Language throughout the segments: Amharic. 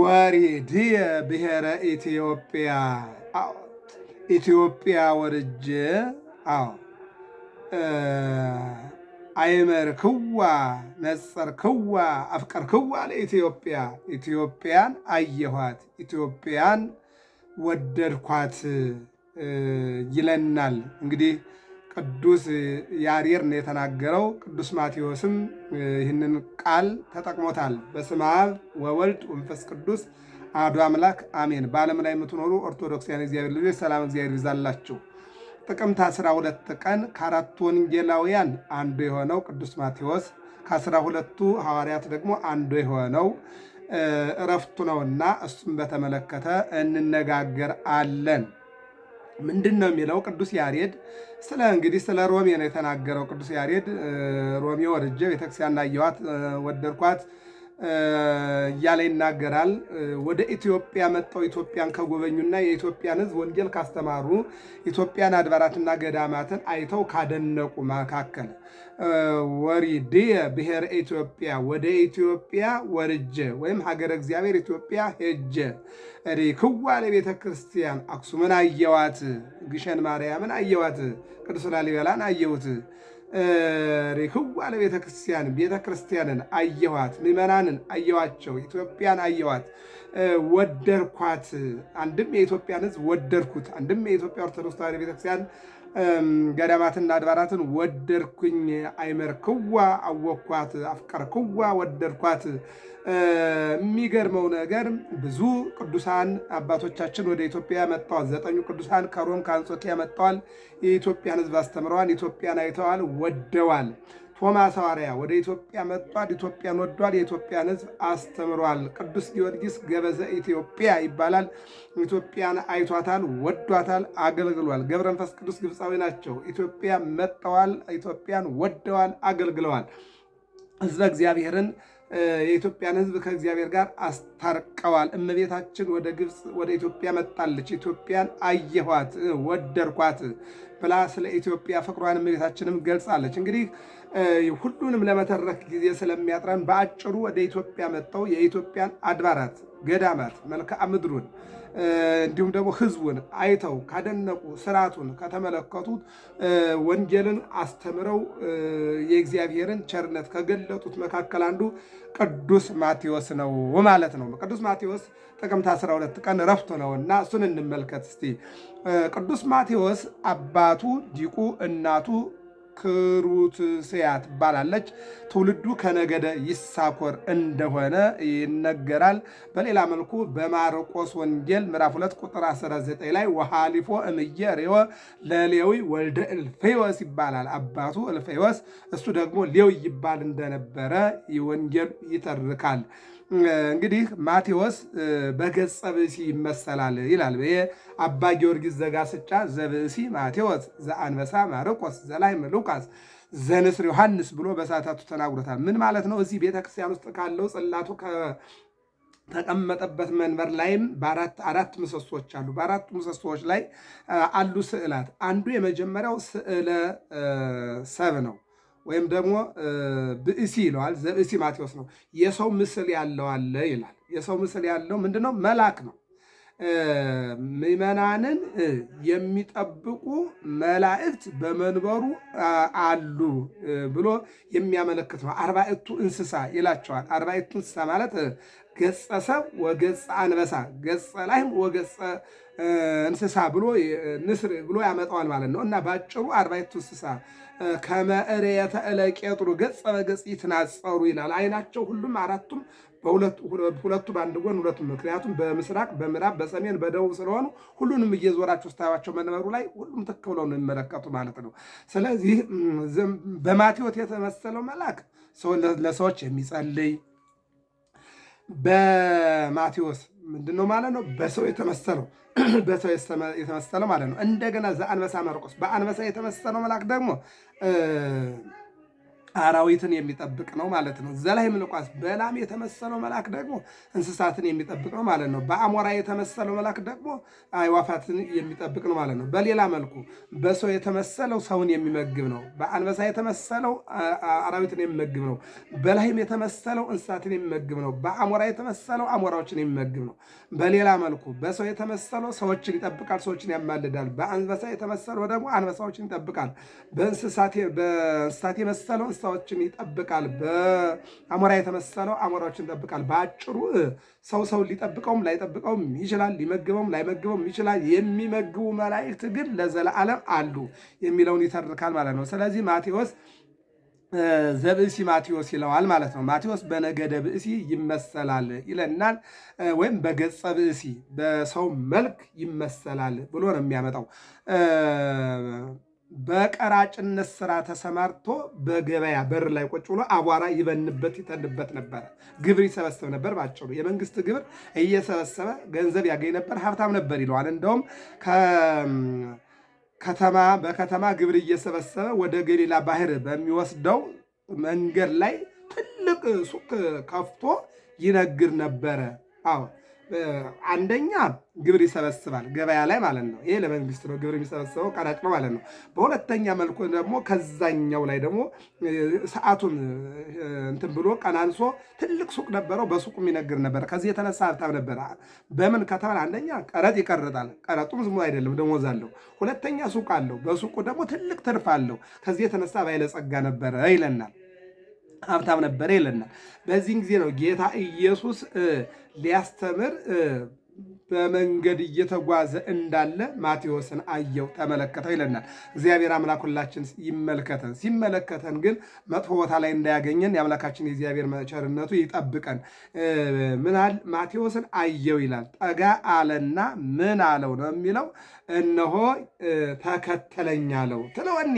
ወሪድየ ብሔረ ኢትዮጵያ ኢትዮጵያ ወርጄ አዎ አይመርክዋ ነጸርክዋ አፍቀርክዋ ለኢትዮጵያ ኢትዮጵያን አየኋት ኢትዮጵያን ወደድኳት ይለናል እንግዲህ ቅዱስ ያሬድ ነው የተናገረው። ቅዱስ ማቴዎስም ይህንን ቃል ተጠቅሞታል። በስመ አብ ወወልድ ወመንፈስ ቅዱስ አሐዱ አምላክ አሜን። በዓለም ላይ የምትኖሩ ኦርቶዶክሳውያን እግዚአብሔር ልጆች ሰላም እግዚአብሔር ይዛላችሁ። ጥቅምት 12 ቀን ከአራቱ ወንጌላውያን አንዱ የሆነው ቅዱስ ማቴዎስ ከአስራ ሁለቱ ሐዋርያት ደግሞ አንዱ የሆነው እረፍቱ ነውና እሱም በተመለከተ እንነጋገር አለን። ምንድን ነው ቅዱስ ያሬድ ስለ እንግዲህ ስለ ሮሜ ነው የተናገረው። ቅዱስ ያሬድ ሮሜ ወርጄ ቤተክርስቲያን ናየዋት ወደድኳት እያለ ይናገራል። ወደ ኢትዮጵያ መጥተው ኢትዮጵያን ከጎበኙና የኢትዮጵያን ሕዝብ ወንጌል ካስተማሩ ኢትዮጵያን አድባራትና ገዳማትን አይተው ካደነቁ መካከል ወሪድየ ብሔረ ኢትዮጵያ ወደ ኢትዮጵያ ወርጀ ወይም ሀገረ እግዚአብሔር ኢትዮጵያ ሄጀ ክዋሌ ቤተ ክርስቲያን አክሱምን አየዋት፣ ግሸን ማርያምን አየዋት፣ ቅዱስ ላሊበላን አየውት ሪክዋ ለቤተ ክርስቲያን ቤተ ክርስቲያንን አየኋት፣ ምዕመናንን አየኋቸው፣ ኢትዮጵያን አየኋት፣ ወደድኳት። አንድም የኢትዮጵያን ሕዝብ ወደድኩት፣ አንድም የኢትዮጵያ ኦርቶዶክስ ተዋሕዶ ቤተክርስቲያን ገዳማትና አድባራትን ወደድኩኝ አይመርክዋ አወኳት አፍቀርክዋ ወደድኳት። የሚገርመው ነገር ብዙ ቅዱሳን አባቶቻችን ወደ ኢትዮጵያ መጥተዋል። ዘጠኙ ቅዱሳን ከሮም ከአንጾኪያ መጥተዋል። የኢትዮጵያን ሕዝብ አስተምረዋል። ኢትዮጵያን አይተዋል፣ ወደዋል። ቶማስ ሐዋርያ ወደ ኢትዮጵያ መጥቷል፣ ኢትዮጵያን ወዷል፣ የኢትዮጵያን ሕዝብ አስተምሯል። ቅዱስ ጊዮርጊስ ገበዘ ኢትዮጵያ ይባላል። ኢትዮጵያን አይቷታል፣ ወዷታል፣ አገልግሏል። ገብረ መንፈስ ቅዱስ ግብፃዊ ናቸው። ኢትዮጵያ መጥተዋል፣ ኢትዮጵያን ወደዋል፣ አገልግለዋል። ሕዝበ እግዚአብሔርን የኢትዮጵያን ሕዝብ ከእግዚአብሔር ጋር አስታርቀዋል። እመቤታችን ወደ ግብፅ ወደ ኢትዮጵያ መጣለች። ኢትዮጵያን አየኋት፣ ወደድኳት ብላ ስለ ኢትዮጵያ ፍቅሯን እመቤታችንም ገልጻለች። እንግዲህ ሁሉንም ለመተረክ ጊዜ ስለሚያጥረን በአጭሩ ወደ ኢትዮጵያ መጥተው የኢትዮጵያን አድባራት፣ ገዳማት መልክዓ ምድሩን እንዲሁም ደግሞ ህዝቡን አይተው ካደነቁ ስርዓቱን ከተመለከቱት ወንጌልን አስተምረው የእግዚአብሔርን ቸርነት ከገለጡት መካከል አንዱ ቅዱስ ማቴዎስ ነው ማለት ነው። ቅዱስ ማቴዎስ ጥቅምት 12 ቀን ረፍቶ ነው እና እሱን እንመልከት እስቲ። ቅዱስ ማቴዎስ አባቱ ዲቁ፣ እናቱ ክሩትስያ ትባላለች። ትውልዱ ከነገደ ይሳኮር እንደሆነ ይነገራል። በሌላ መልኩ በማርቆስ ወንጌል ምዕራፍ 2 ቁጥር 19 ላይ ወሃሊፎ እምየ ሬወ ለሌዊ ወልደ እልፌወስ ይባላል። አባቱ እልፌወስ እሱ ደግሞ ሌዊ ይባል እንደነበረ ወንጌል ይተርካል። እንግዲህ ማቴዎስ በገጸ ብእሲ ይመሰላል ይላል። አባ ጊዮርጊስ ዘጋስጫ ዘብእሲ ማቴዎስ ዘአንበሳ ማርቆስ ዘላይም ሉቃስ ዘንስር ዮሐንስ ብሎ በሳታቱ ተናግሮታል። ምን ማለት ነው? እዚህ ቤተክርስቲያን ውስጥ ካለው ጽላቱ ተቀመጠበት መንበር ላይም አራት ምሰሶች አሉ። በአራቱ ምሰሶዎች ላይ አሉ ስዕላት። አንዱ የመጀመሪያው ስዕለ ሰብ ነው። ወይም ደግሞ ብእሲ ይለዋል። ዘብእሲ ማቴዎስ ነው። የሰው ምስል ያለው አለ ይላል። የሰው ምስል ያለው ምንድን ነው? መልአክ ነው። ምዕመናንን የሚጠብቁ መላእክት በመንበሩ አሉ ብሎ የሚያመለክት ነው። አርባዕቱ እንስሳ ይላቸዋል። አርባዕቱ እንስሳ ማለት ገጸ ሰብ ወገጸ አንበሳ፣ ገጸ ላይም ወገጸ እንስሳ ብሎ ንስር ብሎ ያመጣዋል ማለት ነው። እና በአጭሩ አርባይቱ እንስሳ ከመእሬተ እለቄጥሩ ገጽ በገጽ ይትናጸሩ ይላል። አይናቸው ሁሉም አራቱም ሁለቱ በአንድ ጎን ሁለቱ ምክንያቱም በምስራቅ በምዕራብ በሰሜን በደቡብ ስለሆኑ ሁሉንም እየዞራቸው ስታያቸው መንበሩ ላይ ሁሉም ትክ ብለው ነው የሚመለከቱ ማለት ነው። ስለዚህ በማቴዎት የተመሰለው መልአክ ለሰዎች የሚጸልይ በማቴዎስ ምንድን ነው ማለት ነው በሰው የተመሰለው በሰው የተመሰለው ማለት ነው። እንደገና ዘአንበሳ መርቆስ በአንበሳ የተመሰለው መልአክ ደግሞ አራዊትን የሚጠብቅ ነው ማለት ነው። ምልቋስ በላም የተመሰለው መልአክ ደግሞ እንስሳትን የሚጠብቅ ነው ማለት ነው። በአሞራ የተመሰለው መልአክ ደግሞ አይዋፋትን የሚጠብቅ ነው ማለት ነው። በሌላ መልኩ በሰው የተመሰለው ሰውን የሚመግብ ነው። በአንበሳ የተመሰለው አራዊትን የሚመግብ ነው። በላይም የተመሰለው እንስሳትን የሚመግብ ነው። በአሞራ የተመሰለው አሞራዎችን የሚመግብ ነው። በሌላ መልኩ በሰው የተመሰለው ሰዎችን ይጠብቃል፣ ሰዎችን ያማልዳል። በአንበሳ የተመሰለው ደግሞ አንበሳዎችን ይጠብቃል። በእንስሳት የመሰለው ሰዎችን ይጠብቃል። በአሞራ የተመሰለው አሞራዎችን ይጠብቃል። በአጭሩ ሰው ሰው ሊጠብቀውም ላይጠብቀውም ይችላል፣ ሊመግበውም ላይመግበውም ይችላል። የሚመግቡ መላእክት ግን ለዘለዓለም አሉ የሚለውን ይተርካል ማለት ነው። ስለዚህ ማቴዎስ ዘብእሲ ማቴዎስ ይለዋል ማለት ነው። ማቴዎስ በነገደ ብእሲ ይመሰላል ይለናል፣ ወይም በገጸ ብእሲ በሰው መልክ ይመሰላል ብሎ ነው የሚያመጣው። በቀራጭነት ስራ ተሰማርቶ በገበያ በር ላይ ቁጭ ብሎ አቧራ ይበንበት ይተንበት ነበረ። ግብር ይሰበስብ ነበር። ባጭሩ የመንግስት ግብር እየሰበሰበ ገንዘብ ያገኝ ነበር። ሀብታም ነበር ይለዋል። እንደውም ከተማ በከተማ ግብር እየሰበሰበ ወደ ገሊላ ባህር በሚወስደው መንገድ ላይ ትልቅ ሱቅ ከፍቶ ይነግር ነበረ። አዎ አንደኛ ግብር ይሰበስባል ገበያ ላይ ማለት ነው። ይሄ ለመንግስት ነው ግብር የሚሰበስበው ቀራጭ ነው ማለት ነው። በሁለተኛ መልኩ ደግሞ ከዛኛው ላይ ደግሞ ሰዓቱን እንትን ብሎ ቀናንሶ ትልቅ ሱቅ ነበረው። በሱቁ የሚነግር ነበር። ከዚህ የተነሳ ሀብታም ነበረ። በምን ከተባለ አንደኛ ቀረጥ ይቀርጣል። ቀረጡም ዝም አይደለም፣ ደሞዝ አለው። ሁለተኛ ሱቅ አለው። በሱቁ ደግሞ ትልቅ ትርፍ አለው። ከዚህ የተነሳ ባይለጸጋ ነበረ ይለናል። ሀብታም ነበረ ይለናል። በዚህን ጊዜ ነው ጌታ ኢየሱስ ሊያስተምር በመንገድ እየተጓዘ እንዳለ ማቴዎስን አየው ተመለከተው ይለናል። እግዚአብሔር አምላክ ሁላችን ይመልከተን። ሲመለከተን ግን መጥፎ ቦታ ላይ እንዳያገኘን የአምላካችን የእግዚአብሔር መቸርነቱ ይጠብቀን። ምናል ማቴዎስን አየው ይላል። ጠጋ አለና ምን አለው ነው የሚለው እነሆ ተከተለኝ አለው ትለወኒ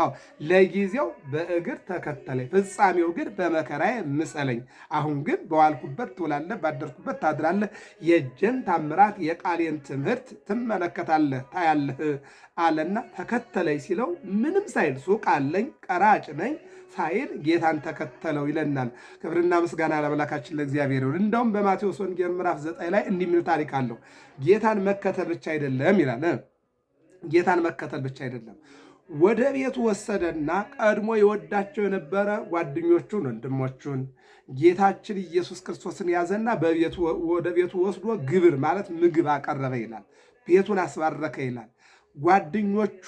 አዎ ለጊዜው በእግር ተከተለኝ፣ ፍጻሜው ግን በመከራዬ ምሰለኝ። አሁን ግን በዋልኩበት ትውላለህ፣ ባደርኩበት ታድራለህ። የእጄን ታምራት የቃሌን ትምህርት ትመለከታለህ፣ ታያለህ አለና ተከተለኝ ሲለው ምንም ሳይል ሱቅ አለኝ ቀራጭ ነኝ ሳይል ጌታን ተከተለው ይለናል። ክብርና ምስጋና ለአምላካችን ለእግዚአብሔር ይሁን። እንደውም በማቴዎስ ወንጌል ምዕራፍ ዘጠኝ ላይ እንዲህ የሚል ታሪክ አለው። ጌታን መከተል ብቻ አይደለም ይላል። ጌታን መከተል ብቻ አይደለም ወደ ቤቱ ወሰደና ቀድሞ የወዳቸው የነበረ ጓደኞቹን፣ ወንድሞቹን ጌታችን ኢየሱስ ክርስቶስን ያዘና ወደ ቤቱ ወስዶ ግብር ማለት ምግብ አቀረበ ይላል። ቤቱን አስባረከ ይላል። ጓደኞቹ፣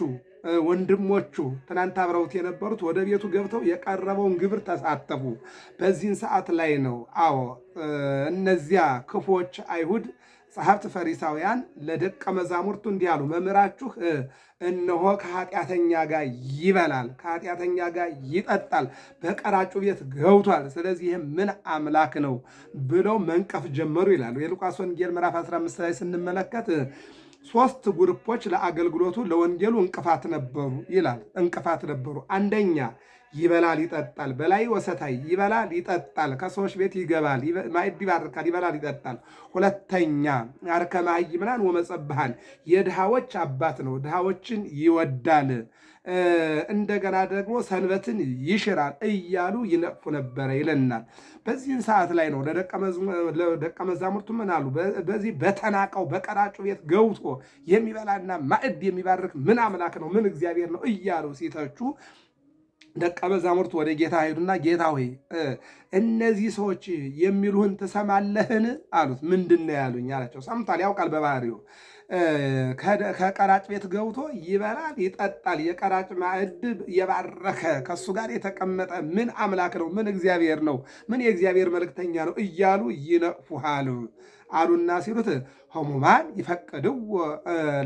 ወንድሞቹ ትናንት አብረውት የነበሩት ወደ ቤቱ ገብተው የቀረበውን ግብር ተሳተፉ። በዚህን ሰዓት ላይ ነው አዎ እነዚያ ክፎች አይሁድ ጸሐፍት ፈሪሳውያን ለደቀ መዛሙርቱ እንዲህ አሉ፣ መምህራችሁ እነሆ ከኃጢአተኛ ጋር ይበላል፣ ከኃጢአተኛ ጋር ይጠጣል፣ በቀራጩ ቤት ገብቷል። ስለዚህ ይህ ምን አምላክ ነው ብለው መንቀፍ ጀመሩ ይላሉ። የሉቃስ ወንጌል ምዕራፍ 15 ላይ ስንመለከት ሶስት ግሩፖች ለአገልግሎቱ ለወንጌሉ እንቅፋት ነበሩ ይላል። እንቅፋት ነበሩ አንደኛ ይበላል ይጠጣል። በላይ ወሰታይ ይበላል ይጠጣል። ከሰዎች ቤት ይገባል፣ ማዕድ ይባርካል፣ ይበላል ይጠጣል። ሁለተኛ አርከ ምናን ወመጸብሃን የድሃዎች አባት ነው፣ ድሃዎችን ይወዳል። እንደገና ደግሞ ሰንበትን ይሽራል እያሉ ይነቅፉ ነበረ ይለናል። በዚህን ሰዓት ላይ ነው ለደቀ መዛሙርቱ ምን አሉ? በዚህ በተናቀው በቀራጩ ቤት ገብቶ የሚበላና ማዕድ የሚባርክ ምን አምላክ ነው? ምን እግዚአብሔር ነው? እያሉ ሲተቹ ደቀ መዛሙርት ወደ ጌታ ሄዱና ጌታ ሆይ እነዚህ ሰዎች የሚሉህን ትሰማለህን አሉት። ምንድን ነው ያሉኝ አላቸው። ሰምቷል፣ ያውቃል በባህሪው ከቀራጭ ቤት ገብቶ ይበላል፣ ይጠጣል። የቀራጭ ማዕድ የባረከ ከእሱ ጋር የተቀመጠ ምን አምላክ ነው? ምን እግዚአብሔር ነው? ምን የእግዚአብሔር መልእክተኛ ነው? እያሉ ይነቅፉሃል። አሉና ሲሉት ህሙማን ይፈቅድው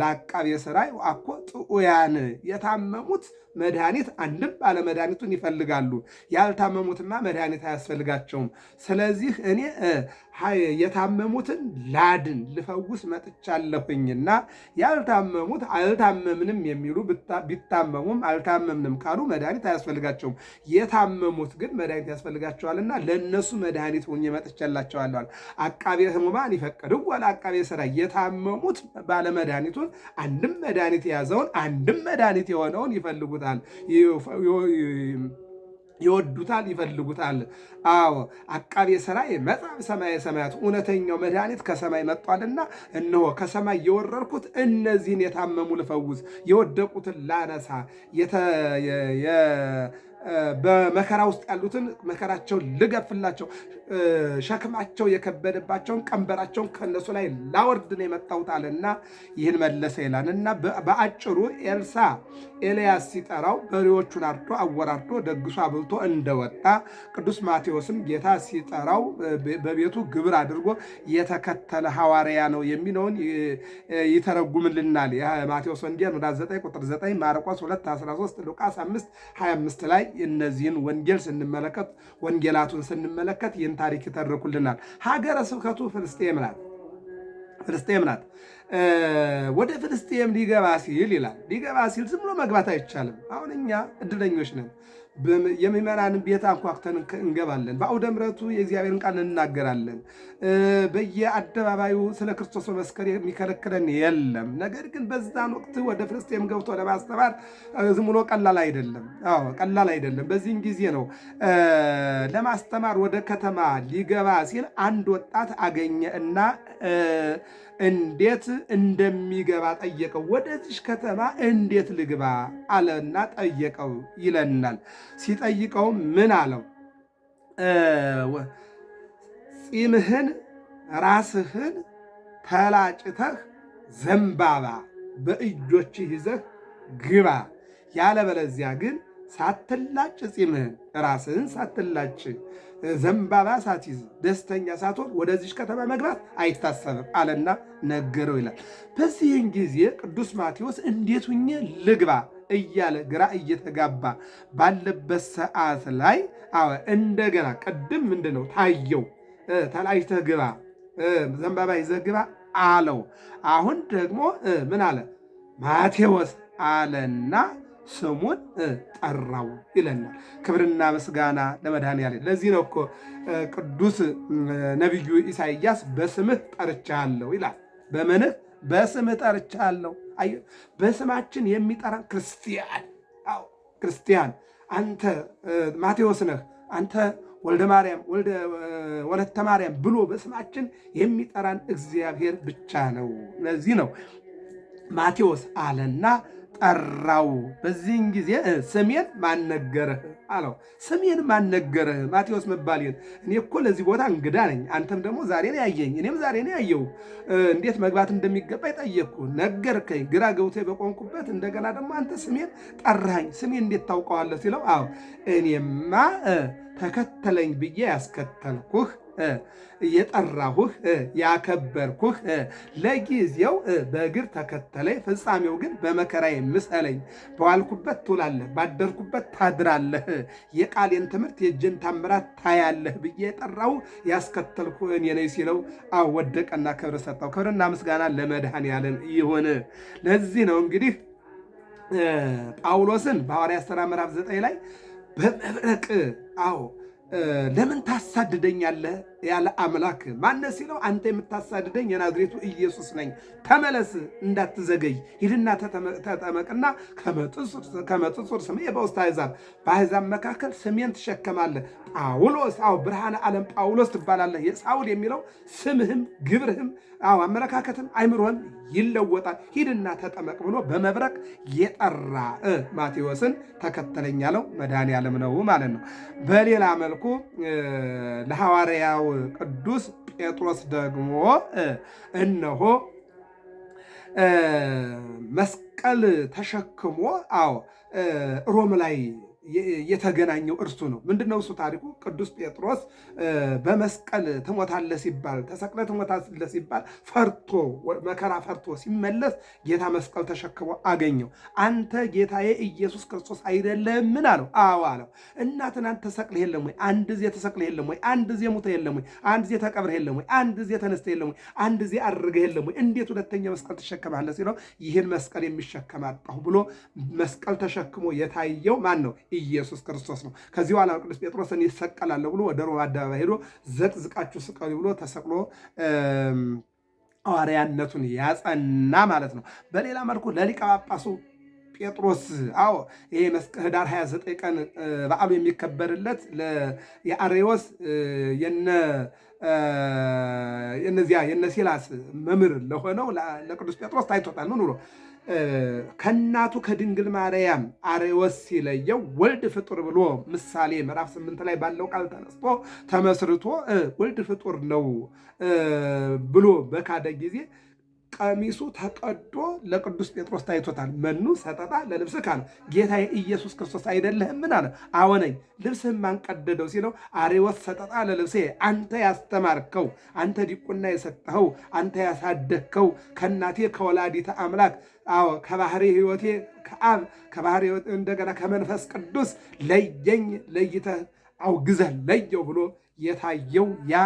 ለአቃቤ ሥራይ አኮ ጥዑያን የታመሙት መድኃኒት አንድም ባለመድኃኒቱን ይፈልጋሉ። ያልታመሙትማ መድኃኒት አያስፈልጋቸውም። ስለዚህ እኔ የታመሙትን ላድን ልፈውስ መጥቻለሁኝና ያልታመሙት አልታመምንም የሚሉ ቢታመሙም አልታመምንም ካሉ መድኃኒት አያስፈልጋቸውም። የታመሙት ግን መድኃኒት ያስፈልጋቸዋልና ለእነሱ መድኃኒት ሁኜ መጥቻላቸዋለዋል። አቃቤ ህሙማን ይፈቀድው አቃቤ ሥራይ የታመሙት ባለመድኃኒቱን አንድም መድኃኒት የያዘውን አንድም መድኃኒት የሆነውን ይፈልጉታል ይወዱታል ይፈልጉታል። አዎ አቃቤ ስራ መጽሐፍ ሰማየ ሰማያት እውነተኛው መድኃኒት ከሰማይ መጥቷልና፣ እነሆ ከሰማይ የወረድኩት እነዚህን የታመሙ ልፈውስ፣ የወደቁትን ላነሳ በመከራ ውስጥ ያሉትን መከራቸውን ልገፍላቸው፣ ሸክማቸው የከበደባቸውን ቀንበራቸውን ከነሱ ላይ ላወርድ ነው የመጣሁት አለና ይህን መለሰ ይላል እና በአጭሩ ኤልሳ ኤልያስ ሲጠራው በሬዎቹን አርዶ አወራርዶ ደግሶ አብልቶ እንደወጣ ቅዱስ ማቴዎስም ጌታ ሲጠራው በቤቱ ግብር አድርጎ የተከተለ ሐዋርያ ነው የሚለውን ይተረጉምልናል። ማቴዎስ ወንጌል ምዕራፍ 9 ቁጥር 9፣ ማርቆስ 2 13፣ ሉቃስ 5 25 ላይ እነዚህን ወንጌል ስንመለከት ወንጌላቱን ስንመለከት ይህን ታሪክ ይተርኩልናል። ሀገረ ስብከቱ ፍልስጤም ናት። ፍልስጤም ናት። ወደ ፍልስጤም ሊገባ ሲል ይላል ሊገባ ሲል ዝም ብሎ መግባት አይቻልም። አሁን እኛ እድለኞች ነን። የምዕመናንን ቤት አንኳኩተን እንገባለን። በአውደ ምረቱ የእግዚአብሔርን ቃል እንናገራለን። በየአደባባዩ ስለ ክርስቶስ መመስከር የሚከለክለን የለም። ነገር ግን በዛን ወቅት ወደ ፍልስጤም ገብቶ ለማስተማር ዝም ብሎ ቀላል አይደለም። አዎ ቀላል አይደለም። በዚህን ጊዜ ነው ለማስተማር ወደ ከተማ ሊገባ ሲል አንድ ወጣት አገኘ እና እንዴት እንደሚገባ ጠየቀው። ወደዚች ከተማ እንዴት ልግባ አለና ጠየቀው ይለናል። ሲጠይቀው ምን አለው? ፂምህን ራስህን ተላጭተህ ዘንባባ በእጆችህ ይዘህ ግባ፣ ያለበለዚያ ግን ሳትላጭ ፂምህን ራስህን ሳትላጭ ዘንባባ ሳትይዝ ደስተኛ ሳትሆን ወደዚች ከተማ መግባት አይታሰብም አለና ነገረው ይላል። በዚህን ጊዜ ቅዱስ ማቴዎስ እንዴት ሁኜ ልግባ እያለ ግራ እየተጋባ ባለበት ሰዓት ላይ አዎ እንደገና ቅድም ምንድን ነው ታየው፣ ተላጭተህ ግባ፣ ዘንባባ ይዘህ ግባ አለው። አሁን ደግሞ ምን አለ ማቴዎስ አለና ስሙን ጠራው ይለናል። ክብርና ምስጋና ለመድኃኔዓለም። ለዚህ ነው እኮ ቅዱስ ነቢዩ ኢሳይያስ በስምህ ጠርቻለሁ ይላል። በምንህ በስምህ ጠርቻለሁ። በስማችን የሚጠራ ክርስቲያን ክርስቲያን አንተ ማቴዎስ ነህ፣ አንተ ወልደ ማርያም ወለተ ማርያም ብሎ በስማችን የሚጠራን እግዚአብሔር ብቻ ነው። ለዚህ ነው ማቴዎስ አለና ጠራው። በዚህን ጊዜ ስሜን ማነገርህ አለው። ስሜን ማነገርህ ማቴዎስ መባሌን እኔ እኮ ለዚህ ቦታ እንግዳ ነኝ። አንተም ደግሞ ዛሬ ነው ያየኝ፣ እኔም ዛሬ ነው ያየው። እንዴት መግባት እንደሚገባ ይጠየቅኩ ነገርከኝ። ግራ ገብቶ በቆንኩበት እንደገና ደግሞ አንተ ስሜን ጠራኝ። ስሜን እንዴት ታውቀዋለህ ሲለው፣ አዎ እኔማ ተከተለኝ ብዬ ያስከተልኩህ የጠራሁህ ያከበርኩህ ለጊዜው በእግር ተከተለኝ፣ ፍጻሜው ግን በመከራ ምሰለኝ። በዋልኩበት ትውላለህ፣ ባደርኩበት ታድራለህ፣ የቃሌን ትምህርት የእጅን ታምራት ታያለህ ብዬ የጠራው ያስከተልኩ እኔ ነኝ ሲለው አወደቀና ክብር ሰጠው። ክብርና ምስጋና ለመድኃኔዓለም ይሁን። ለዚህ ነው እንግዲህ ጳውሎስን በሐዋርያት ሥራ ምዕራፍ 9 ላይ በመብረቅ አዎ ለምን ታሳድደኛለህ ያለ አምላክ ማነ ሲለው፣ አንተ የምታሳድደኝ የናዝሬቱ ኢየሱስ ነኝ። ተመለስ፣ እንዳትዘገይ፣ ሂድና ተጠመቅና ከመጥጹር ስሜ በውስጥ አሕዛብ በአሕዛብ መካከል ስሜን ትሸከማለህ። ጳውሎስ፣ አዎ ብርሃነ ዓለም ጳውሎስ ትባላለህ። የሳውል የሚለው ስምህም ግብርህም አዎ አመለካከትም አይምሮህም ይለወጣል፣ ሂድና ተጠመቅ ብሎ በመብረቅ የጠራ ማቴዎስን ተከተለኝ ያለው መድኃኔዓለም ነው ማለት ነው። በሌላ መልኩ ለሐዋርያው ቅዱስ ጴጥሮስ ደግሞ እነሆ መስቀል ተሸክሞ አዎ ሮም ላይ የተገናኘው እርሱ ነው። ምንድነው እሱ ታሪኩ? ቅዱስ ጴጥሮስ በመስቀል ትሞታለህ ሲባል ተሰቅለ ትሞታለህ ሲባል ፈርቶ መከራ ፈርቶ ሲመለስ ጌታ መስቀል ተሸክሞ አገኘው። አንተ ጌታዬ ኢየሱስ ክርስቶስ ምን አለው። አዎ አለው። እና ትናንት ተሰቅለህ የለም ወይ? አንድ ጊዜ ተሰቅለህ የለም ወይ? አንድ ጊዜ ሙተህ የለም ወይ? አንድ ጊዜ ተቀብረህ የለም ወይ? አንድ ጊዜ ተነስተህ የለም ወይ? አንድ ጊዜ አድርገህ የለም ወይ? እንዴት ሁለተኛ መስቀል ትሸከማለህ ሲለው ይህን መስቀል የሚሸከም አጣሁ ብሎ መስቀል ተሸክሞ የታየው ማን ነው? ኢየሱስ ክርስቶስ ነው። ከዚህ በኋላ ቅዱስ ጴጥሮስን ይሰቀላለሁ ብሎ ወደ ሮማ አደባባይ ሄዶ ዘቅዝቃችሁ ስቀሉ ብሎ ተሰቅሎ ሐዋርያነቱን ያጸና ማለት ነው። በሌላ መልኩ ለሊቀ ጳጳሱ ጴጥሮስ አዎ ይሄ ህዳር 29 ቀን በዓሉ የሚከበርለት የአሬዎስ የነ እነዚያ የነ ሲላስ መምህር ለሆነው ለቅዱስ ጴጥሮስ ታይቶታል። ምን ብሎ ከእናቱ ከድንግል ማርያም አርዮስ ሲለየው ወልድ ፍጡር ብሎ ምሳሌ ምዕራፍ ስምንት ላይ ባለው ቃል ተነስቶ ተመስርቶ ወልድ ፍጡር ነው ብሎ በካደ ጊዜ ቀሚሱ ተቀዶ ለቅዱስ ጴጥሮስ ታይቶታል። መኑ ሰጠጣ ለልብስ ካለ ጌታ ኢየሱስ ክርስቶስ አይደለህምን አለ። አዎነኝ ልብስህ ማን ቀደደው ሲለው አሬወት ሰጠጣ ለልብስ አንተ ያስተማርከው፣ አንተ ዲቁና የሰጠኸው፣ አንተ ያሳደግከው ከእናቴ ከወላዲተ አምላክ አዎ ከባህሪ ሕይወቴ ከአብ ከባህሪ እንደገና ከመንፈስ ቅዱስ ለየኝ ለይተህ አውግዘህ ለየው ብሎ የታየው ያ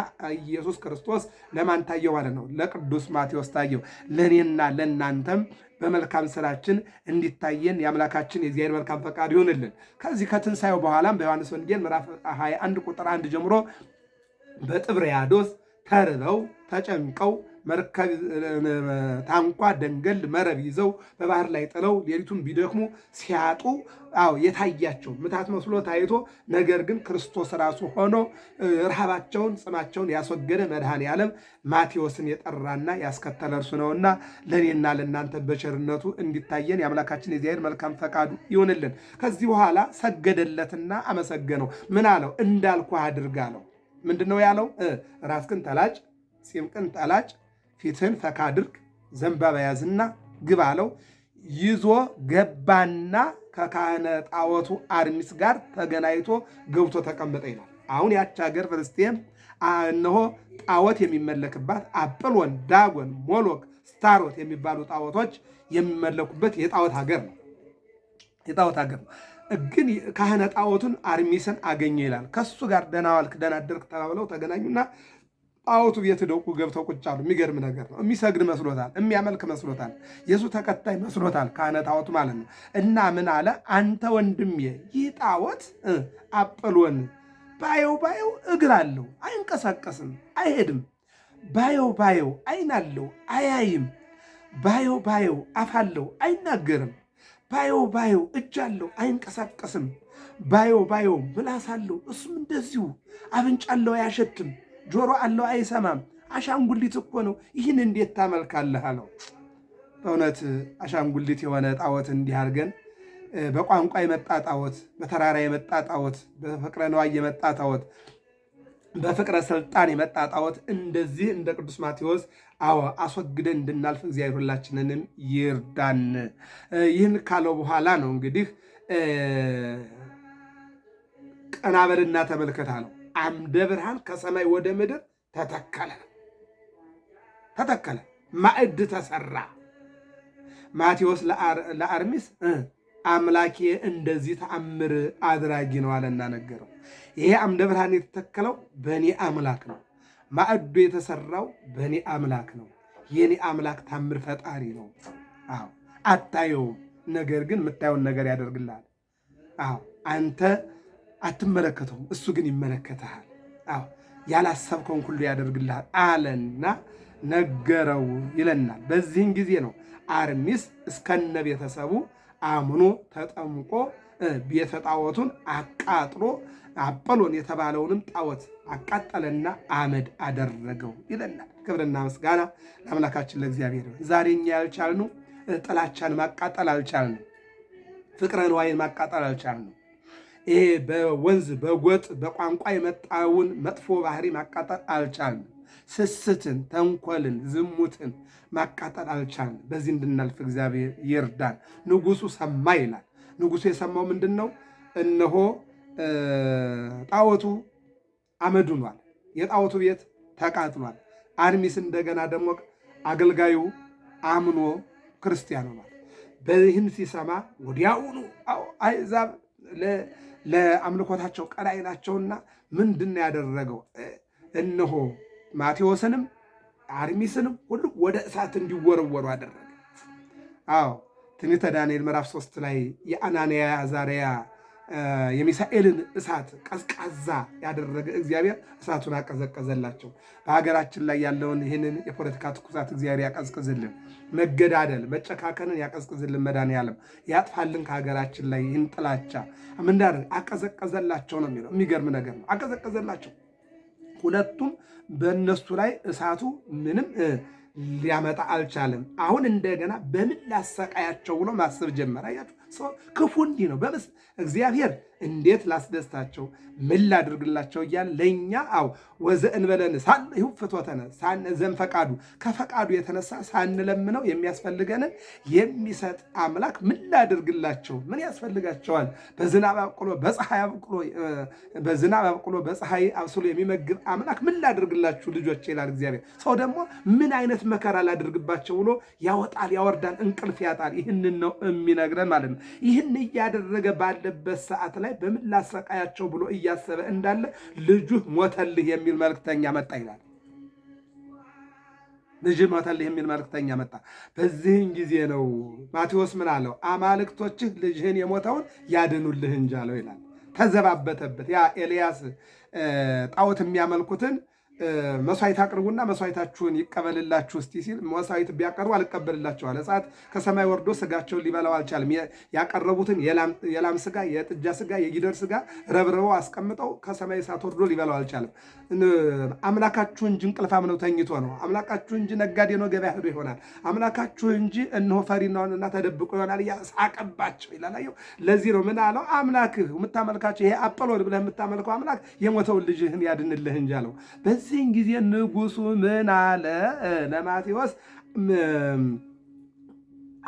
ኢየሱስ ክርስቶስ ለማን ታየው ማለት ነው? ለቅዱስ ማቴዎስ ታየው። ለእኔና ለእናንተም በመልካም ስራችን እንዲታየን የአምላካችን የእግዚአብሔር መልካም ፈቃድ ይሆንልን። ከዚህ ከትንሣኤው በኋላም በዮሐንስ ወንጌል ምዕራፍ 21 ቁጥር 1 ጀምሮ በጥብርያዶስ ተርበው ተጨንቀው መርከብ ታንኳ ደንገል መረብ ይዘው በባህር ላይ ጥለው ሌሊቱን ቢደክሙ ሲያጡ አዎ የታያቸው ምታት መስሎ ታይቶ ነገር ግን ክርስቶስ ራሱ ሆኖ ረሃባቸውን ጽማቸውን ያስወገደ መድኃኔ ዓለም ማቴዎስን የጠራና ያስከተለ እርሱ ነውና ለእኔና ለእናንተ በቸርነቱ እንዲታየን የአምላካችን የእግዚአብሔር መልካም ፈቃዱ ይሆንልን። ከዚህ በኋላ ሰገደለትና አመሰገነው። ምን አለው? እንዳልኩ አድርግ አለው። ምንድን ነው ያለው? ራስክን ተላጭ፣ ጺምቅን ተላጭ ፊትህን ፈካ አድርግ፣ ዘንባባ ያዝና ግብ አለው። ይዞ ገባና ከካህነ ጣዖቱ አርሚስ ጋር ተገናኝቶ ገብቶ ተቀመጠ ይላል። አሁን ያች ሀገር ፍልስጤም እነሆ ጣዖት የሚመለክባት አጵሎን፣ ዳጎን፣ ሞሎክ፣ ስታሮት የሚባሉ ጣዖቶች የሚመለኩበት የጣዖት ሀገር ነው። የጣዖት ሀገር ነው። ግን ካህነ ጣዖቱን አርሚስን አገኘ ይላል። ከሱ ጋር ደህና ዋልክ፣ ደህና አደርክ ተባብለው ተገናኙና ጣዖቱ ቤት ደቁ ገብተው ቁጭ አሉ። የሚገርም ነገር ነው። የሚሰግድ መስሎታል፣ የሚያመልክ መስሎታል፣ የሱ ተከታይ መስሎታል፣ ካህነ ጣዖቱ ማለት ነው። እና ምን አለ? አንተ ወንድሜ ይህ ጣዖት አጵሎን ባየው ባየው እግር አለው አይንቀሳቀስም፣ አይሄድም። ባየው ባየው አይን አለው አያይም። ባየው ባየው አፍ አለው አይናገርም። ባየው ባየው እጅ አለው አይንቀሳቀስም። ባየው ባየው ምላስ አለው እሱም እንደዚሁ አፍንጫ አለው አያሸትም። ጆሮ አለው አይሰማም። አሻንጉሊት እኮ ነው። ይህን እንዴት ታመልካለህ አለው። በእውነት አሻንጉሊት የሆነ ጣዖት እንዲህ አድርገን በቋንቋ የመጣ ጣዖት፣ በተራራ የመጣ ጣዖት፣ በፍቅረ ነዋይ የመጣ ጣዖት፣ በፍቅረ ስልጣን የመጣ ጣዖት እንደዚህ እንደ ቅዱስ ማቴዎስ አዎ አስወግደን እንድናልፍ እግዚአብሔር ሁላችንንም ይርዳን። ይህን ካለው በኋላ ነው እንግዲህ ቀና በልና ተመልከት አምደ ብርሃን ከሰማይ ወደ ምድር ተተከለ ተተከለ፣ ማዕድ ተሰራ። ማቴዎስ ለአርሚስ አምላኬ እንደዚህ ተአምር አድራጊ ነው አለና ነገረው። ይሄ አምደ ብርሃን የተተከለው በእኔ አምላክ ነው። ማዕዱ የተሰራው በእኔ አምላክ ነው። የኔ አምላክ ታምር ፈጣሪ ነው። አዎ አታየውም፣ ነገር ግን የምታየውን ነገር ያደርግልሃል። አዎ አንተ አትመለከተውም፣ እሱ ግን ይመለከታል አዎ ያላሰብከውን ሁሉ ያደርግልሃል አለና ነገረው ይለናል። በዚህን ጊዜ ነው አርሚስ እስከነ ቤተሰቡ አምኖ ተጠምቆ ቤተ ጣዖቱን አቃጥሎ አጵሎን የተባለውንም ጣዖት አቃጠለና አመድ አደረገው ይለናል። ክብርና ምስጋና ለአምላካችን ለእግዚአብሔር። ዛሬ እኛ ያልቻልነው ጥላቻን ማቃጠል አልቻልንም። ፍቅረ ንዋይን ማቃጠል አልቻልንም። ይሄ በወንዝ በጎጥ በቋንቋ የመጣውን መጥፎ ባህሪ ማቃጠል አልቻልም። ስስትን፣ ተንኮልን፣ ዝሙትን ማቃጠል አልቻልም። በዚህ እንድናልፍ እግዚአብሔር ይርዳን። ንጉሱ ሰማ ይላል። ንጉሱ የሰማው ምንድን ነው? እነሆ ጣዖቱ አመዱኗል፣ የጣዖቱ ቤት ተቃጥሏል። አርሚስ እንደገና ደግሞ አገልጋዩ አምኖ ክርስቲያን ሆኗል። በይህን ሲሰማ ወዲያውኑ አሕዛብ ለአምልኮታቸው ቀላይ ናቸውና ምንድን ያደረገው? እነሆ ማቴዎስንም አርሚስንም ሁሉ ወደ እሳት እንዲወረወሩ አደረገ። አዎ ትንቢተ ዳንኤል ምዕራፍ ሶስት ላይ የአናንያ ዛሬያ የሚሳኤልን እሳት ቀዝቃዛ ያደረገ እግዚአብሔር እሳቱን አቀዘቀዘላቸው። በሀገራችን ላይ ያለውን ይህንን የፖለቲካ ትኩሳት እግዚአብሔር ያቀዝቅዝልን፣ መገዳደል መጨካከንን ያቀዝቅዝልን። መድኃኒዓለም ያጥፋልን ከሀገራችን ላይ ይህን ጥላቻ ምንዳር አቀዘቀዘላቸው ነው የሚለው። የሚገርም ነገር ነው። አቀዘቀዘላቸው ሁለቱም በእነሱ ላይ እሳቱ ምንም ሊያመጣ አልቻለም። አሁን እንደገና በምን ላሰቃያቸው ብሎ ማሰብ ጀመረ። አያችሁ ክፉ እንዲህ ነው። እግዚአብሔር እንዴት ላስደስታቸው፣ ምን ላድርግላቸው እያልን ለእኛ አው ወዘእንበለን ሳንሁ ፍትወተነ ፈቃዱ ከፈቃዱ የተነሳ ሳንለምነው የሚያስፈልገንን የሚሰጥ አምላክ ምን ላድርግላቸው፣ ምን ያስፈልጋቸዋል? በዝናብ አብቅሎ በፀሐይ አብቅሎ በዝናብ አብቅሎ በፀሐይ አብስሎ የሚመግብ አምላክ ምን ላድርግላችሁ ልጆች ይላል እግዚአብሔር። ሰው ደግሞ ምን አይነት መከራ ላድርግባቸው ብሎ ያወጣል፣ ያወርዳል፣ እንቅልፍ ያጣል። ይህንን ነው የሚነግረን ማለት ነው። ይህን እያደረገ ባለበት ሰዓት ላይ ላይ በምን ላሰቃያቸው ብሎ እያሰበ እንዳለ ልጁ ሞተልህ የሚል መልክተኛ መጣ ይላል። ልጅ ሞተልህ የሚል መልክተኛ መጣ። በዚህን ጊዜ ነው ማቴዎስ ምን አለው? አማልክቶችህ ልጅህን የሞተውን ያድኑልህ እንጂ አለው ይላል። ተዘባበተበት። ያ ኤልያስ ጣዖት የሚያመልኩትን መስዋዕት አቅርቡና መስዋዕታችሁን ይቀበልላችሁ እስቲ ሲል መስዋዕት ቢያቀርቡ አለ። እሳት ከሰማይ ወርዶ ስጋቸውን ሊበላው አልቻለም። ያቀረቡትን የላም ስጋ፣ የጥጃ ስጋ፣ የጊደር ስጋ ረብረበው አስቀምጠው ከሰማይ እሳት ወርዶ ሊበላው አልቻለም። አምላካችሁ እንጂ እንቅልፋም ነው ተኝቶ ነው። አምላካችሁ እንጂ ነጋዴ ነው ገበያ ሄዶ ይሆናል። አምላካችሁ እንጂ እነሆ ነውና ተደብቆ ይሆናል እያ ሳቀባቸው ለዚህ ነው ምን አለው አምላክህ የምታመልካቸው ይሄ አጵሎን ብለህ የምታመልከው አምላክ የሞተውን ልጅህን ያድንልህ እንጂ አለው በዚህ በዚህን ጊዜ ንጉሱ ምን አለ ለማቴዎስ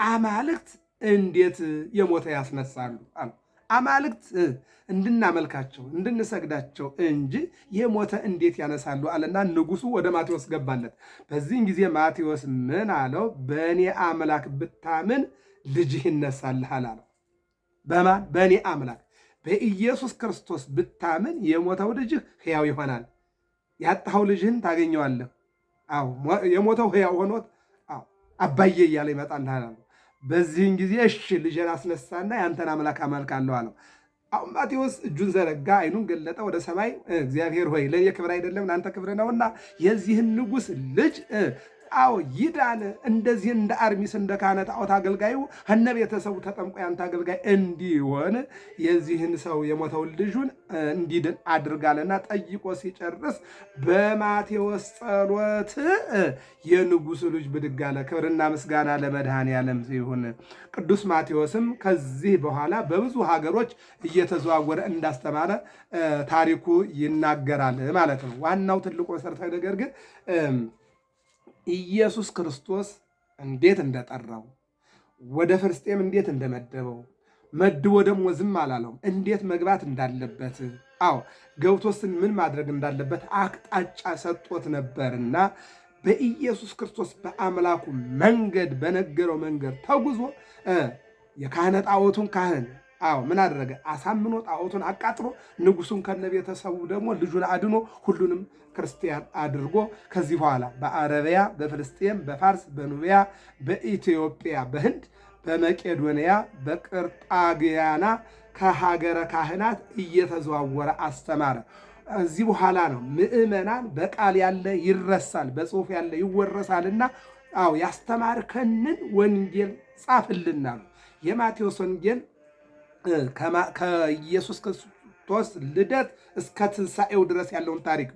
አማልክት እንዴት የሞተ ያስነሳሉ አሉ። አማልክት እንድናመልካቸው እንድንሰግዳቸው እንጂ የሞተ እንዴት ያነሳሉ አለና ንጉሱ ወደ ማቴዎስ ገባለት። በዚህን ጊዜ ማቴዎስ ምን አለው? በእኔ አምላክ ብታምን ልጅህ ይነሳልሃል አለው። በማን በእኔ አምላክ በኢየሱስ ክርስቶስ ብታምን የሞተው ልጅህ ሕያው ይሆናል። ያጣኸው ልጅህን ታገኘዋለህ። አዎ የሞተው ሕያው ሆኖት አባዬ እያለ ይመጣልሃል አለው። በዚህን ጊዜ እሺ ልጅን አስነሳና ያንተን አምላክ አመልካለሁ አለው። አሁን ማቴዎስ እጁን ዘረጋ፣ አይኑን ገለጠ ወደ ሰማይ። እግዚአብሔር ሆይ ለእኔ ክብር አይደለም ለአንተ ክብር ነውና የዚህን ንጉሥ ልጅ አዎ ይዳን። እንደዚህ እንደ አርሚስ እንደ ካህነ ጣዖት አገልጋዩ ከነ ቤተሰቡ ተጠምቆ ያንተ አገልጋይ እንዲሆን የዚህን ሰው የሞተውን ልጁን እንዲድን አድርጋለና ጠይቆ ሲጨርስ በማቴዎስ ጸሎት የንጉሱ ልጅ ብድግ አለ። ክብርና ምስጋና ለመድኃኔ ዓለም ይሁን። ቅዱስ ማቴዎስም ከዚህ በኋላ በብዙ ሀገሮች እየተዘዋወረ እንዳስተማረ ታሪኩ ይናገራል ማለት ነው። ዋናው ትልቁ መሰረታዊ ነገር ግን ኢየሱስ ክርስቶስ እንዴት እንደጠራው ወደ ፍልስጤም እንዴት እንደመደበው መድቦ ደግሞ ዝም አላለውም። እንዴት መግባት እንዳለበት አዎ ገብቶስን ምን ማድረግ እንዳለበት አቅጣጫ ሰጥቶት ነበርና በኢየሱስ ክርስቶስ በአምላኩ መንገድ በነገረው መንገድ ተጉዞ የካህነ ጣዖቱን ካህን አዎ ምን አደረገ? አሳምኖ ጣዖቱን አቃጥሎ ንጉሱን ከነቤተሰቡ ደግሞ ልጁን አድኖ ሁሉንም ክርስቲያን አድርጎ ከዚህ በኋላ በአረቢያ፣ በፍልስጤም፣ በፋርስ፣ በኑቢያ፣ በኢትዮጵያ፣ በህንድ፣ በመቄዶንያ፣ በቅርጣግያና ከሀገረ ካህናት እየተዘዋወረ አስተማረ። እዚህ በኋላ ነው ምእመናን በቃል ያለ ይረሳል፣ በጽሁፍ ያለ ይወረሳልና አዎ ያስተማርከንን ወንጌል ጻፍልናሉ። የማቴዎስ ወንጌል ከኢየሱስ ክርስቶስ ልደት እስከ ትንሣኤው ድረስ ያለውን ታሪክ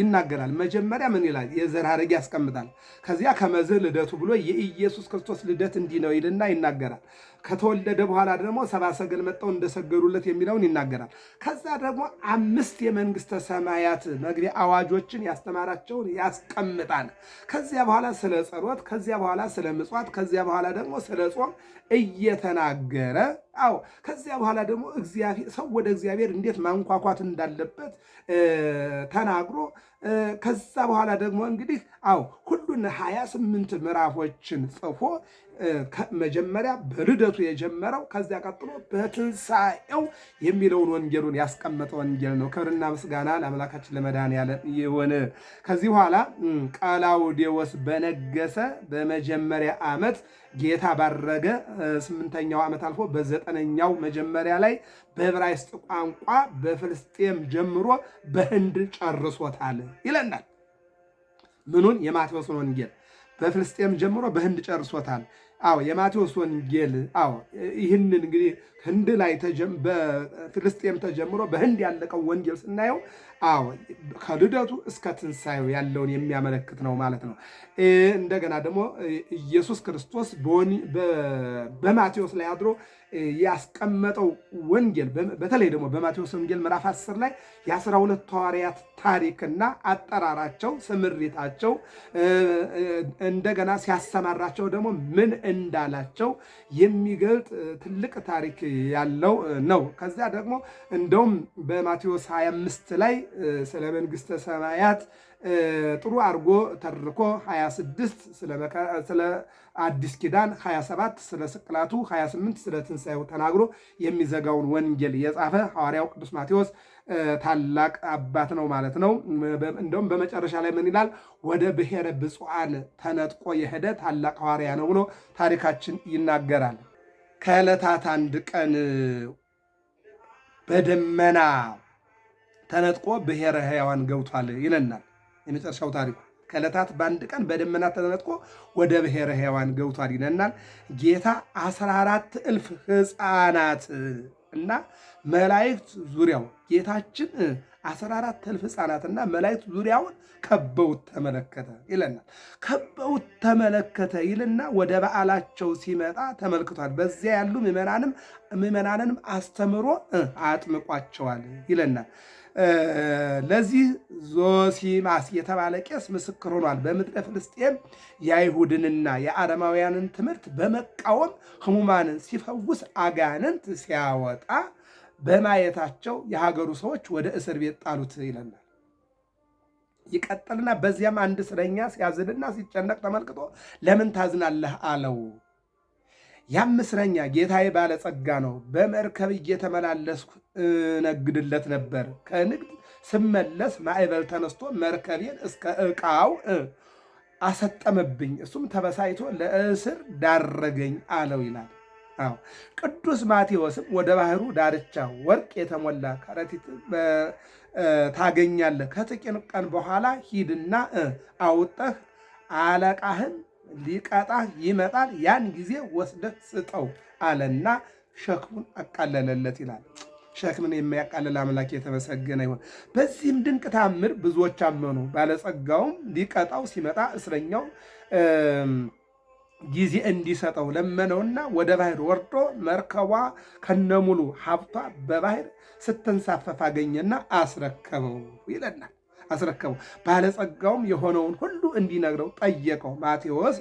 ይናገራል። መጀመሪያ ምን ይላል? የዘር ሐረግ ያስቀምጣል። ከዚያ ከመዝህ ልደቱ ብሎ የኢየሱስ ክርስቶስ ልደት እንዲህ ነው ይልና ይናገራል። ከተወለደ በኋላ ደግሞ ሰብአ ሰገል መጥተው እንደሰገዱለት የሚለውን ይናገራል። ከዛ ደግሞ አምስት የመንግስተ ሰማያት መግቢያ አዋጆችን ያስተማራቸውን ያስቀምጣል። ከዚያ በኋላ ስለ ጸሎት፣ ከዚያ በኋላ ስለ ምጽዋት፣ ከዚያ በኋላ ደግሞ ስለ ጾም እየተናገረ አዎ ከዚያ በኋላ ደግሞ ሰው ወደ እግዚአብሔር እንዴት ማንኳኳት እንዳለበት ተናግሮ ከዛ በኋላ ደግሞ እንግዲህ አው ሁሉን ሀያ ስምንት ምዕራፎችን ጽፎ መጀመሪያ በልደቱ የጀመረው ከዚያ ቀጥሎ በትንሣኤው የሚለውን ወንጌሉን ያስቀመጠ ወንጌል ነው። ክብርና ምስጋና ለአምላካችን ለመድኃኒዓለም ይሁን። ከዚህ በኋላ ቀላውዴዎስ በነገሰ በመጀመሪያ ዓመት ጌታ ባረገ ስምንተኛው ዓመት አልፎ በዘጠነኛው መጀመሪያ ላይ በዕብራይስጥ ቋንቋ በፍልስጤም ጀምሮ በህንድ ጨርሶታል ይለናል። ምኑን? የማቴዎስን ወንጌል በፍልስጤም ጀምሮ በህንድ ጨርሶታል። አዎ የማቴዎስ ወንጌል አዎ። ይህንን እንግዲህ ህንድ ላይ በፍልስጤም ተጀምሮ በህንድ ያለቀው ወንጌል ስናየው አዎ ከልደቱ እስከ ትንሣኤው ያለውን የሚያመለክት ነው ማለት ነው። እንደገና ደግሞ ኢየሱስ ክርስቶስ በማቴዎስ ላይ አድሮ ያስቀመጠው ወንጌል በተለይ ደግሞ በማቴዎስ ወንጌል ምዕራፍ 10 ላይ የአስራ ሁለት ሐዋርያት ታሪክና አጠራራቸው፣ ስምሪታቸው እንደገና ሲያሰማራቸው ደግሞ ምን እንዳላቸው የሚገልጥ ትልቅ ታሪክ ያለው ነው። ከዚያ ደግሞ እንደውም በማቴዎስ 25 ላይ ስለ መንግሥተ ሰማያት ጥሩ አድርጎ ተርኮ 26 ስለ አዲስ ኪዳን 27 ስለ ስቅላቱ 28 ስለ ትንሣኤው ተናግሮ የሚዘጋውን ወንጌል የጻፈ ሐዋርያው ቅዱስ ማቴዎስ ታላቅ አባት ነው ማለት ነው። እንደውም በመጨረሻ ላይ ምን ይላል? ወደ ብሔረ ብፁዓን ተነጥቆ የሄደ ታላቅ ሐዋርያ ነው ብሎ ታሪካችን ይናገራል። ከዕለታት አንድ ቀን በደመና ተነጥቆ ብሔረ ሕያዋን ገብቷል ይለናል። የመጨረሻው ታሪኩ ከዕለታት በአንድ ቀን በደመና ተነጥቆ ወደ ብሔረ ሕያዋን ገብቷል ይለናል። ጌታ አስራ አራት እልፍ ህፃናት እና መላእክት ዙሪያው ጌታችን 14 እልፍ ህፃናት እና መላእክት ዙሪያውን ከበውት ተመለከተ ይለናል። ከበውት ተመለከተ ይልና ወደ በዓላቸው ሲመጣ ተመልክቷል። በዚያ ያሉ ምዕመናንም ምዕመናንንም አስተምሮ አጥምቋቸዋል ይለናል። ለዚህ ዞሲማስ የተባለ ቄስ ምስክር ሆኗል። በምድረ ፍልስጤም የአይሁድንና የአረማውያንን ትምህርት በመቃወም ህሙማንን ሲፈውስ አጋንንት ሲያወጣ በማየታቸው የሀገሩ ሰዎች ወደ እስር ቤት ጣሉት ይለናል። ይቀጥልና በዚያም አንድ እስረኛ ሲያዝንና ሲጨነቅ ተመልክቶ ለምን ታዝናለህ አለው። ያም እስረኛ ጌታዬ ባለጸጋ ነው፣ በመርከብ እየተመላለስኩ እነግድለት ነበር። ከንግድ ስመለስ ማዕበል ተነስቶ መርከቤን እስከ እቃው አሰጠመብኝ። እሱም ተበሳይቶ ለእስር ዳረገኝ አለው ይላል። አዎ ቅዱስ ማቴዎስም ወደ ባህሩ ዳርቻ ወርቅ የተሞላ ከረጢት ታገኛለህ፣ ከጥቂት ቀን በኋላ ሂድና አውጠህ አለቃህን ሊቀጣህ ይመጣል፣ ያን ጊዜ ወስደህ ስጠው አለና ሸክሙን አቃለለለት ይላል። ሸክምን የሚያቃልል አምላክ የተመሰገነ ይሁን። በዚህም ድንቅ ታምር ብዙዎች አመኑ። ባለጸጋውም ሊቀጣው ሲመጣ እስረኛው ጊዜ እንዲሰጠው ለመነውና ወደ ባህር ወርዶ መርከቧ ከነሙሉ ሀብቷ በባህር ስትንሳፈፍ አገኘና አስረከበው ይለናል። አስረከበው ባለጸጋውም የሆነውን ሁሉ እንዲነግረው ጠየቀው። ማቴዎስ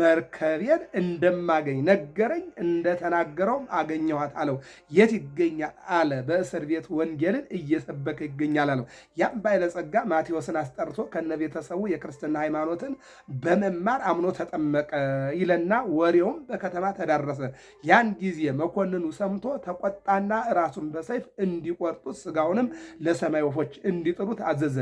መርከቤን እንደማገኝ ነገረኝ፣ እንደተናገረውም አገኘኋት አለው። የት ይገኛል አለ። በእስር ቤት ወንጌልን እየሰበከ ይገኛል አለው። ያም ባለጸጋ ማቴዎስን አስጠርቶ ከነቤተሰቡ የክርስትና ሃይማኖትን በመማር አምኖ ተጠመቀ ይለና ወሬውም በከተማ ተዳረሰ። ያን ጊዜ መኮንኑ ሰምቶ ተቆጣና ራሱን በሰይፍ እንዲቆርጡት ስጋውንም ለሰማይ ወፎች እንዲጥሉት አዘዘ።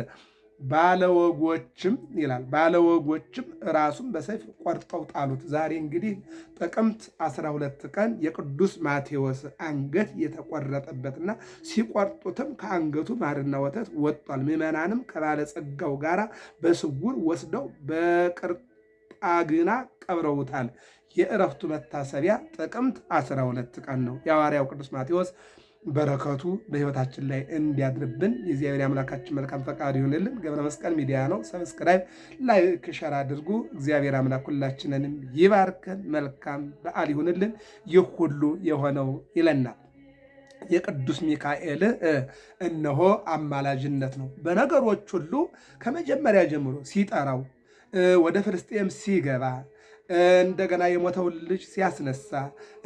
ባለወጎችም ይላል ባለወጎችም ራሱን በሰይፍ ቆርጠው ጣሉት። ዛሬ እንግዲህ ጥቅምት 12 ቀን የቅዱስ ማቴዎስ አንገት የተቆረጠበትና ሲቆርጡትም ከአንገቱ ማርና ወተት ወጥቷል። ምዕመናንም ከባለጸጋው ጋር በስውር ወስደው በቅርጣግና ቀብረውታል። የእረፍቱ መታሰቢያ ጥቅምት 12 ቀን ነው። የሐዋርያው ቅዱስ ማቴዎስ በረከቱ በህይወታችን ላይ እንዲያድርብን የእግዚአብሔር አምላካችን መልካም ፈቃድ ይሆንልን። ገብረ መስቀል ሚዲያ ነው። ሰብስክራይብ፣ ላይክ፣ ሸር አድርጉ። እግዚአብሔር አምላክ ሁላችንንም ይባርከን። መልካም በዓል ይሆንልን። ይህ ሁሉ የሆነው ይለናል የቅዱስ ሚካኤል እነሆ አማላጅነት ነው። በነገሮች ሁሉ ከመጀመሪያ ጀምሮ ሲጠራው ወደ ፍልስጤም ሲገባ እንደገና የሞተውን ልጅ ሲያስነሳ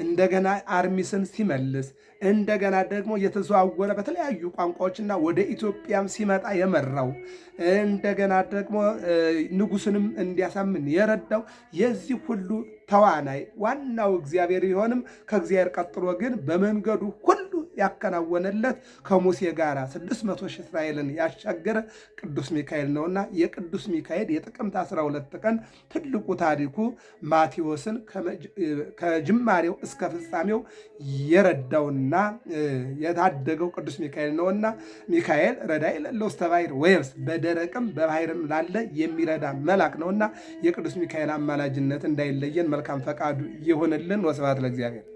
እንደገና አርሚስን ሲመልስ እንደገና ደግሞ የተዘዋወረ በተለያዩ ቋንቋዎችና ወደ ኢትዮጵያም ሲመጣ የመራው እንደገና ደግሞ ንጉስንም እንዲያሳምን የረዳው የዚህ ሁሉ ተዋናይ ዋናው እግዚአብሔር ቢሆንም ከእግዚአብሔር ቀጥሎ ግን በመንገዱ ሁሉ ያከናወነለት ከሙሴ ጋር 600 ሺህ እስራኤልን ያሻገረ ቅዱስ ሚካኤል ነውና የቅዱስ ሚካኤል የጥቅምት 12 ቀን ትልቁ ታሪኩ ማቴዎስን ከጅማሬው እስከ ፍጻሜው የረዳውን እና የታደገው ቅዱስ ሚካኤል ነውና ሚካኤል ረዳ ለእለ ስተባይር ወየብስ በደረቅም በባህርም ላለ የሚረዳ መልአክ ነውና የቅዱስ ሚካኤል አማላጅነት እንዳይለየን መልካም ፈቃዱ ይሁንልን። ወስብሐት ለእግዚአብሔር።